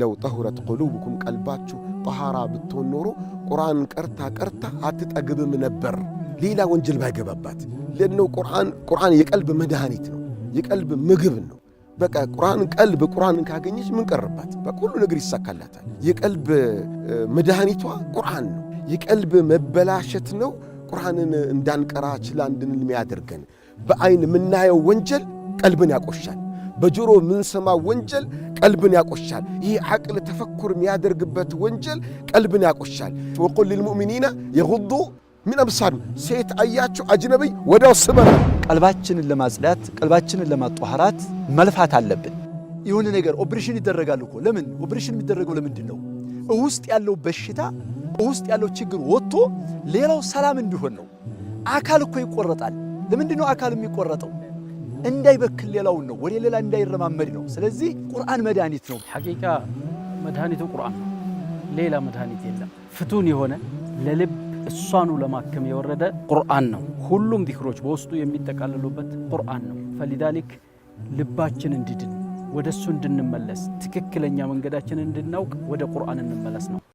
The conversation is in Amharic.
ለው ጠሁረት ቁሉብኩም ቀልባችሁ ጠሃራ ብትሆን ኖሮ ቁርአን ቀርታ ቀርታ አትጠግብም ነበር። ሌላ ወንጀል ባይገባባት ለነው ቁርአን የቀልብ መድኃኒት ነው፣ የቀልብ ምግብ ነው። በቃ ቁርአን ቀልብ ቁርአንን ካገኘች ምን ቀረባት? በቃ ሁሉ ነገር ይሳካላታል። የቀልብ መድኃኒቷ ቁርአን ነው። የቀልብ መበላሸት ነው ቁርአንን እንዳንቀራ ችላ እንድንል የሚያደርገን። በአይን የምናየው ወንጀል ቀልብን ያቆሻል። በጆሮ የምንሰማው ወንጀል ቀልብን ያቆሻል። ይህ ዓቅል ተፈኩር የሚያደርግበት ወንጀል ቀልብን ያቆሻል። ወቁል ልልሙእሚኒና የጉዱ ምን አብሳሩ ሴት አያቸው አጅነቢይ ወዲያው ስበራ። ቀልባችንን ለማጽዳት ቀልባችንን ለማጠኋራት መልፋት አለብን። የሆነ ነገር ኦፕሬሽን ይደረጋል እኮ ለምን ኦፕሬሽን የሚደረገው ለምንድን ነው? ውስጥ ያለው በሽታ ውስጥ ያለው ችግር ወጥቶ ሌላው ሰላም እንዲሆን ነው። አካል እኮ ይቆረጣል። ለምንድን ነው አካል የሚቆረጠው? እንዳይበክል ሌላውን ነው ወደ ሌላ እንዳይረማመድ ነው። ስለዚህ ቁርአን መድኃኒት ነው። ሐቂቃ መድኃኒቱ ቁርአን ነው፣ ሌላ መድኃኒት የለም። ፍቱን የሆነ ለልብ እሷኑ ለማከም የወረደ ቁርአን ነው። ሁሉም ዚክሮች በውስጡ የሚጠቃለሉበት ቁርአን ነው። ፈሊዳሊክ ልባችን እንድድን ወደ እሱ እንድንመለስ ትክክለኛ መንገዳችን እንድናውቅ ወደ ቁርአን እንመለስ ነው።